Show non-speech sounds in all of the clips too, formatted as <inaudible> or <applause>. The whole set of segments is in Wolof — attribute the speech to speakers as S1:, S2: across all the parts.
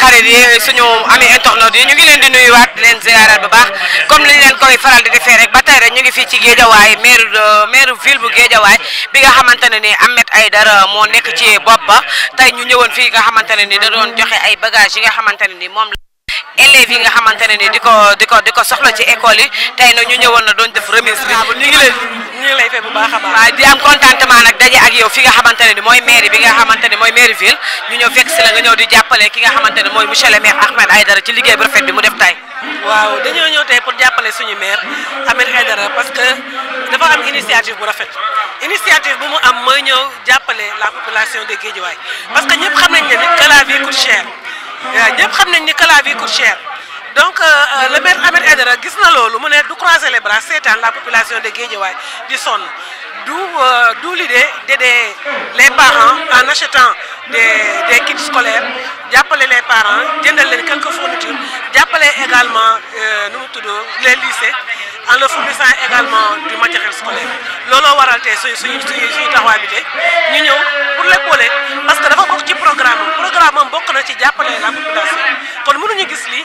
S1: xarit yi suñu ami internet yi ñu ngi leen di nuyuwaat di leen ziaral bu baax comme liñ leen koy faral di defee rek ba tey rek ñu ngi fii ci Géejawaay maire maire ville bu Géejawaay bi nga xamante ne ni ay dara moo nekk ci bopp ba tey ñu ñëwoon fii nga xamante ne ni da doon joxe ay bagages yi nga xamante ne ni moom élèves yi nga xamante ne ni di ko di ko di ko soxla ci école yi tey na ñu ñëwoon na doon def remise bi ñu ngi leen ñu ngi lay fay bu baax a di am contentement nag daje ak yow fi nga xamante ne ni mooy mairie bi nga xamante ne mooy mairie ville ñu ñëw fekk nga ñëw di jàppale ki nga xamante ne mooy monsieur le maire Ahmed Aïdara ci liggéey bu rafet bi mu def waaw dañoo ñëw tey pour jàppale suñu maire Ahmed Aïdara parce que dafa am initiative bu rafet initiative bu mu am mooy ñëw jàppale la population de Guédiawaye parce que ñëpp xam nañ ne que la vie coûte cher xam nañ ni que la vie coûte cher donc euh, euh, le maire Ahmed Aidara gis na loolu mu ne du croiser les bras c'est la population de Guédiawaye di son du euh, l'idée d'aider les parents en achetant des des kits scolaires d'appeler les parents d'en leen quelques fournitures d'appeler également nous nous les lycées en leur fournissant également du matériel scolaire Lolo waral tey suñu suñu sur les bi tey ñu ñëw pour parce que dafa beaucoup de programme Le programme am bokk na ci la population kon nous nous lii.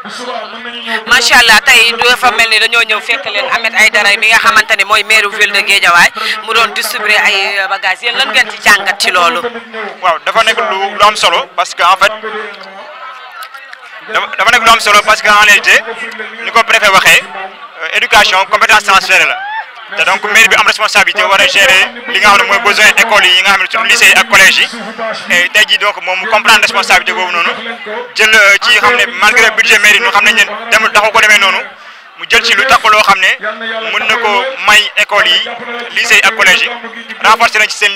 S2: <laughs>
S1: macha allah tey dafa mel ni dañoo ñëw fekk leen Ahmed Aidara mi nga xamante ne mooy maire
S3: ville de Guédiawaye mu doon distribuer ay
S1: euh, bagages yéen lan ngeen ci
S3: jàngat ci loolu. waaw dafa nekk lu am solo parce que en fait dafa nekk lu am solo parce que en réalité ni ko préfet waxee euh, éducation compétence transférée la. Donc donc mairie bi am responsabilité budget gérer li nga que nous besoin école yi nga lycée ak collège et donc mom comprendre responsabilité nonou jël euh, ci malgré budget mairie ñu ne ko mu nous ci lu tax may école yi lycée ak collège yi renforcer ci sen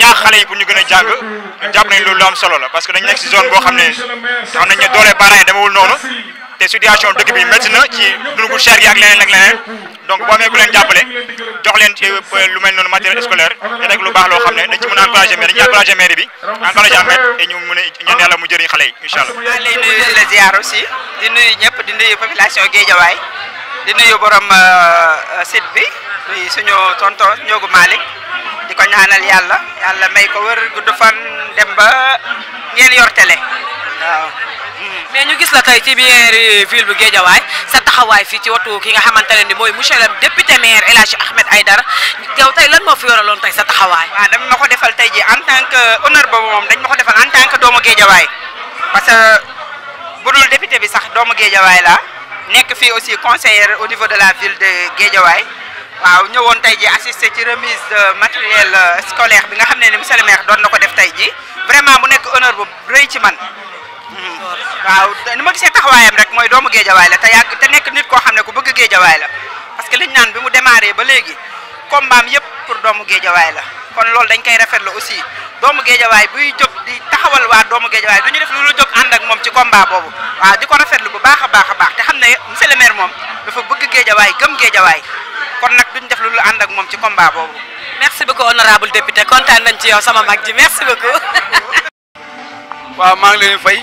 S3: ñaax xalé yi bu ñu gëna ont japp nañ besoin am solo la parce que dañ nekk ci zone bo doole parents situation dëkk bi Nous na ci de cher ak leneen donc boo amee ku leen jàppale jox leen ci euh, lu mel noonu matériel scolaire te lu baax loo xam ne dañ ci a encouragé maire dañuy encouragé maire bi encouragé amet ñu mën a ñaan yàlla mu jëriñ xale yi incha allah. maa ngi la
S4: ziar aussi di nuyu ñëpp di nuyu population Guédiawaye di nuyu borom euh, euh, site bi di suñu tonton Ndiogou Malick di ko ñaanal yàlla yàlla may ko wër gudd fan dem ba ngeen yor télé waaw. mais ñu gis la tey ci biir
S1: ville bu Guédiawaay sa taxawaay fii ci watu ki nga xamante ne ni mooy monsieur le député maire El Hadji Ahmed
S4: yow tey lan moo fi yoraloon tey sa taxawaay. waaw dañ ma ko defal tey ji en tan que honneur boobu moom dañ ma ko defal en tant que doomu Guédiawaay parce que bu dul député bi sax doomu Guédiawaay la nekk fii aussi conseillère au niveau de la ville de Guédiawaay waaw ñëwoon tey ji assister ci remise de matériel euh, scolaire bi nga xam ne ni monsieur le maire doon na ko def tey ji vraiment mu nekk honneur waaw ni ma gisee taxawaayam rek mooy doomu géejawaay la te yàgg te nekk nit koo xam ne ku bëgg géejawaay la parce que liñ naan bi mu démarré ba léegi combat yëpp pour doomu géejawaay la kon loolu dañ koy rafetlu aussi doomu géejawaay buy jóg di taxawal waa doomu géejawaay du ñu def lu la jóg ànd ak moom ci combat boobu waaw di ko rafetlu bu baax a baax a baax te xam ne monsieur le maire moom dafa bëgg géejawaay gëm géejawaay kon nag duñ def lu la
S1: ànd ak moom ci combat boobu merci beaucoup honorable député kontaan nañ ci yow sama mag ji <laughs>
S2: waaw maa ngi leen fay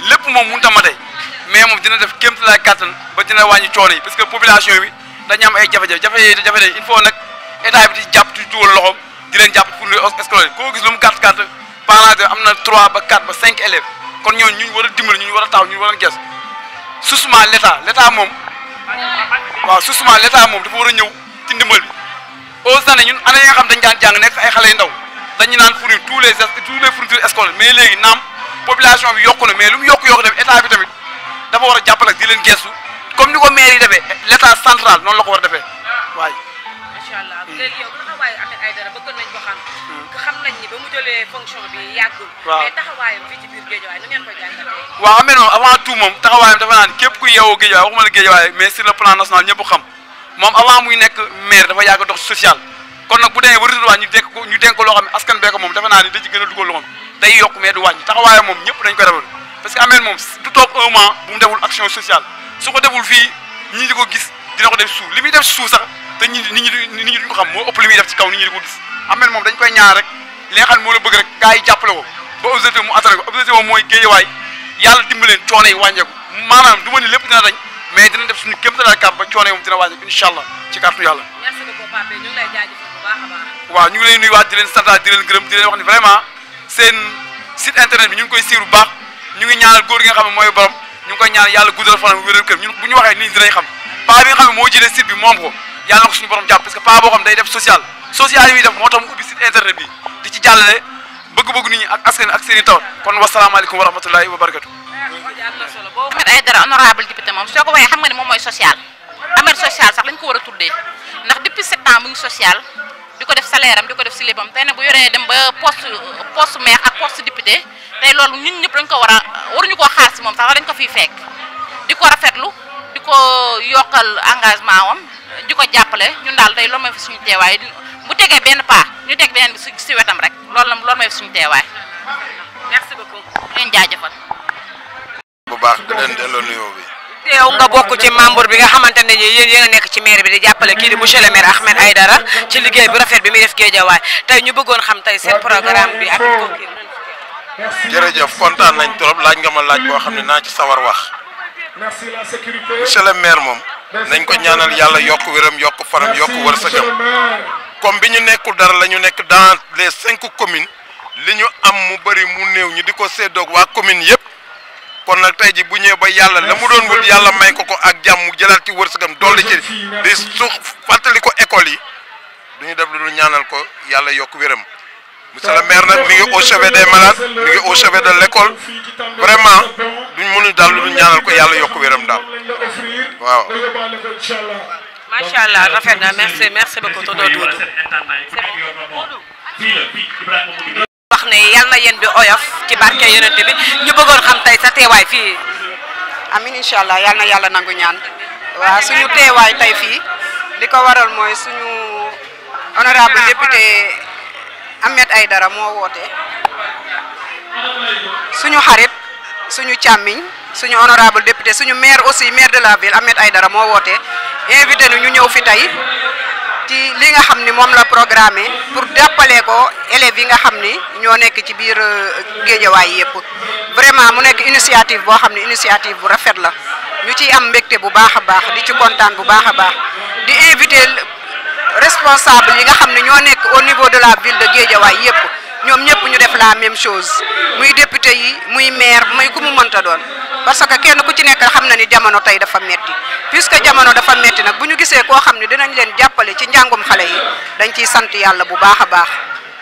S2: lépp moom mënut a mate mais moom dina def kéem tolluwaay kàttan ba dina wàññi coono yi parce que population bi dañu am ay jafe-jafe jafe-jafe jafe-jafe il faut nag état bi di jàpp di dugal loxoom di leen jàpp pour les scolaires gis lu mu gàtt gàtt de am na 3 ba 4 ba 5 élèves kon ñooñu ñu war a dimbali ñu war a taw ñu war a ges susuma l' état l' état moom waaw susuma l' moom dafa war a ñëw ci ndimbal bi aux années ñun année yi nga xam dañ nekk ay xale yu ndaw dañu naan léegi naam population bi yokku na mais lu mu yokk yokku tamit état bi tamit dafa war a jàppale ak di leen gestu comme ni ko maire yi defee l' état central noonu la ko war a defee waaye.
S1: incha allah léegi yow taxawaayu Ahmed Aidara bëgg hmm. nañ ko
S2: mu dafa naan képp ku yeewoo géejawaay waxuma la géejawaay mais sur le plan national ñëpp xam moom avant muy nekk maire dafa yàgg dox social kon nag bu demee ba retour ñu ñu dénk ko loo xam ne askan bee ko moom dafa naa ni da ci gën a day yokk mais du wàññi taxawaayam moom ñëpp dañ ko defoon parce que ameen moom du toog un mois bu mu deful action sociale su ko deful fii ñi di ko gis dina ko def suuf li muy def suuf sax te ñi nit ñi nit ñi duñ ko xam moo ëpp li muy def ci kaw nit ñi di ko gis ameen moom dañ koy ñaar rek li nga xam moo la bëgg rek gars yi jàppale ko ba objectif mu atteindre ko objectif moom mooy géejawaay yàlla dimbaleen coono yi wàññeeku maanaam du ma ni lépp dina dañ mais dina def suñu kéemtalaay kàpp ba coono yi moom dina wàññeeku incha allah ci kàttu yàlla waaw ñu ngi lay nuyuwaat di leen santaat di leen gërëm di leen wax ni vraiment sen site internet bi ñu ngi koy siru baax ñu ngi ñaanal goor gi nga xamne moy borom ñu ngi koy ñaanal yalla guddal fanam wéral kër ñu buñu waxe ni dinañ xam pa bi nga xam ne moo site bi mom ko yalla ko suñu borom japp parce que pa bo xam day def social social yi def moo tax site internet bi di ci jallale bëgg-bëgg nit ñi ak askan ak seen kon wa salaamu alaykum wa rahmatullahi wa barakatuh boobu Ahmed
S1: sosial. honorable député moom soo ko xam nga social social sax lañ ko a ndax depuis ans mu ngi social di ko def salaire am di ko def si léppam tey nag bu yoree dem ba poste poste maire ak post député tey loolu ñun ñëpp dañ ko war a waruñu koo xaar si moom sax dañ ko fiy fekk di ko rafetlu di ko yokkal engagement wam di ko jàppale ñun daal tey loolu mooy fi suñu teewaay bu tegee benn paa ñu teg beneen bi si wetam rek loolu la loolu mooy fi suñu teewaay. merci beaucoup. di teew nga bokk ci membre bi nga xamante ne yéen yéen a ci maire bi di jàppale kii di monsieur le maire Ahmed Aïdara ci liggéey bu rafet bi muy def géejawaay tey ñu bëggoon xam tey seen programme bi ak concours
S2: jërëjëf kontaan nañ trop laaj nga ma laaj boo xam ne ci sawar wax monsieur le maire nañ ko ñaanal faram yokk wërsëgam comme bi nekkul dara la nekk dans les cinq communes li am mu bëri mu ñu commune kon nag tey ji bu ñëwee ba yàlla la mu doon wut yàlla may ko ko ak jàmm jëlaat ci wërsëgam dolli ci di su fàttali ko école yi du ñu def lu ñaanal ko yàlla yokk wéram monsieur le maire nag mi ngi au chevet des malades mi ngi au chevet de l'école vraiment duñ mënu daal lu ñaanal ko yàlla yokk wéram daal waaw macha allah rafet na merci merci
S1: beaucoup
S4: ne yal na yéen bi oyof ci barke yonent bi ñu bëggoon xam tey sa teewaay fii. amin incha allah yal na yàlla nangu ñaan waaw suñu teewaay tey fii li ko waral mooy suñu honorable député ay dara moo woote suñu xarit suñu càmmiñ suñu honorable député suñu maire aussi maire de la ville ay dara moo woote invité ñu ñëw fi tey. ci li nga xam ni moom la programme pour jàppale ko élèves yi nga xam ni ñoo nekk ci biir euh, géejawaay yëpp vraiment mu nekk initiative boo xam ne initiative bu rafet la ñu ci am mbégte bu baax a baax di ci kontaan bu baax a baax di invité responsable yi nga xam ne ñoo nekk au niveau de la ville de géejawaay yëpp ñoom ñëpp ñu def la même chose muy député yi muy maire may ku mu mënta doon parce que kenn ku ci nekk xam na ni jamono tey dafa metti te jamono dafa metti nag bu ñu gisee koo xam ne dinañ leen jàppale ci njàngum xale yi dañ ciy sant yàlla bu baax a baax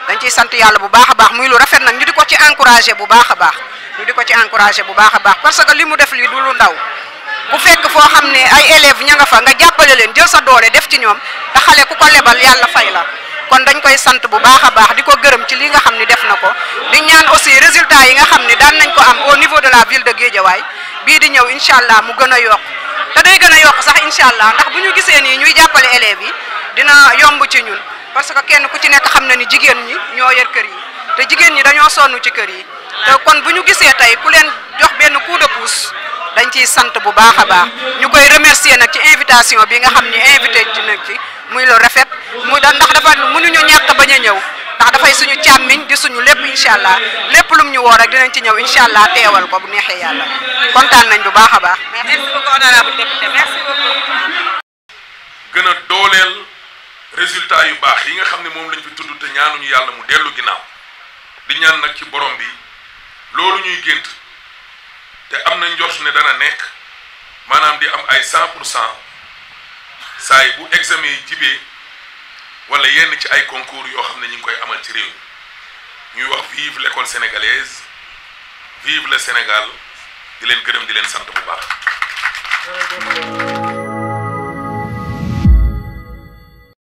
S4: dañ ciy sant yàlla bu baax a baax muy lu rafet nag ñu di ko ci encouragé bu baax a baax ñu di ko ci encouragé bu baax a baax parce que li mu def li du lu ndaw bu fekk foo xam ne ay élèves ña nga fa nga jàppale leen jël sa doole def ci ñoom te xale ku ko lebal yàlla fay la kon dañ koy sant bu baax a baax di ko gërëm ci li nga xam ni def na ko di ñaan aussi résultat yi nga xam daan nañ ko am au niveau de la ville de Guédiaway bii di ñëw inshallah mu gën a yokk te day gën a yokk sax incha allah ndax bu ñu gisee nii ñuy jàppale élèves yi dina yomb ci ñun parce que kenn ku ci nekk xam na ni jigéen ñi ñoo yor kër yi te jigéen ñi dañoo sonn ci kër yi te kon bu ñu gisee tey ku leen jox benn coup de pouce dañ ciy sant bu baax a baax ñu koy remercier nag ci invitation bi nga xam ni invité ci nag ci muy lu rafet mu da ndax dafa mënuñu ñàkk bañ a ñëw ndax dafay suñu càmmiñ di suñu lépp incha allah lépp lum ñu woo rek dinañ ci ñëw incha allah teewal ko bu neexee yàlla kontaan nañ bu baax a baax. merci
S2: gën a dooleel résultat yu baax yi nga xam ne moom lañ fi tudd te ñu yàlla mu dellu ginnaaw di ñaan nag ci borom bi loolu ñuy gént te am na njort ne dana nekk maanaam di am ay 100 pour bu examen yi jibee wala yenn ci ay concours yoo xam ne ñu ngi koy amal ci réew ñuy wax vive l'école sénégalaise vive le Sénégal di leen gërëm di leen sant bu baax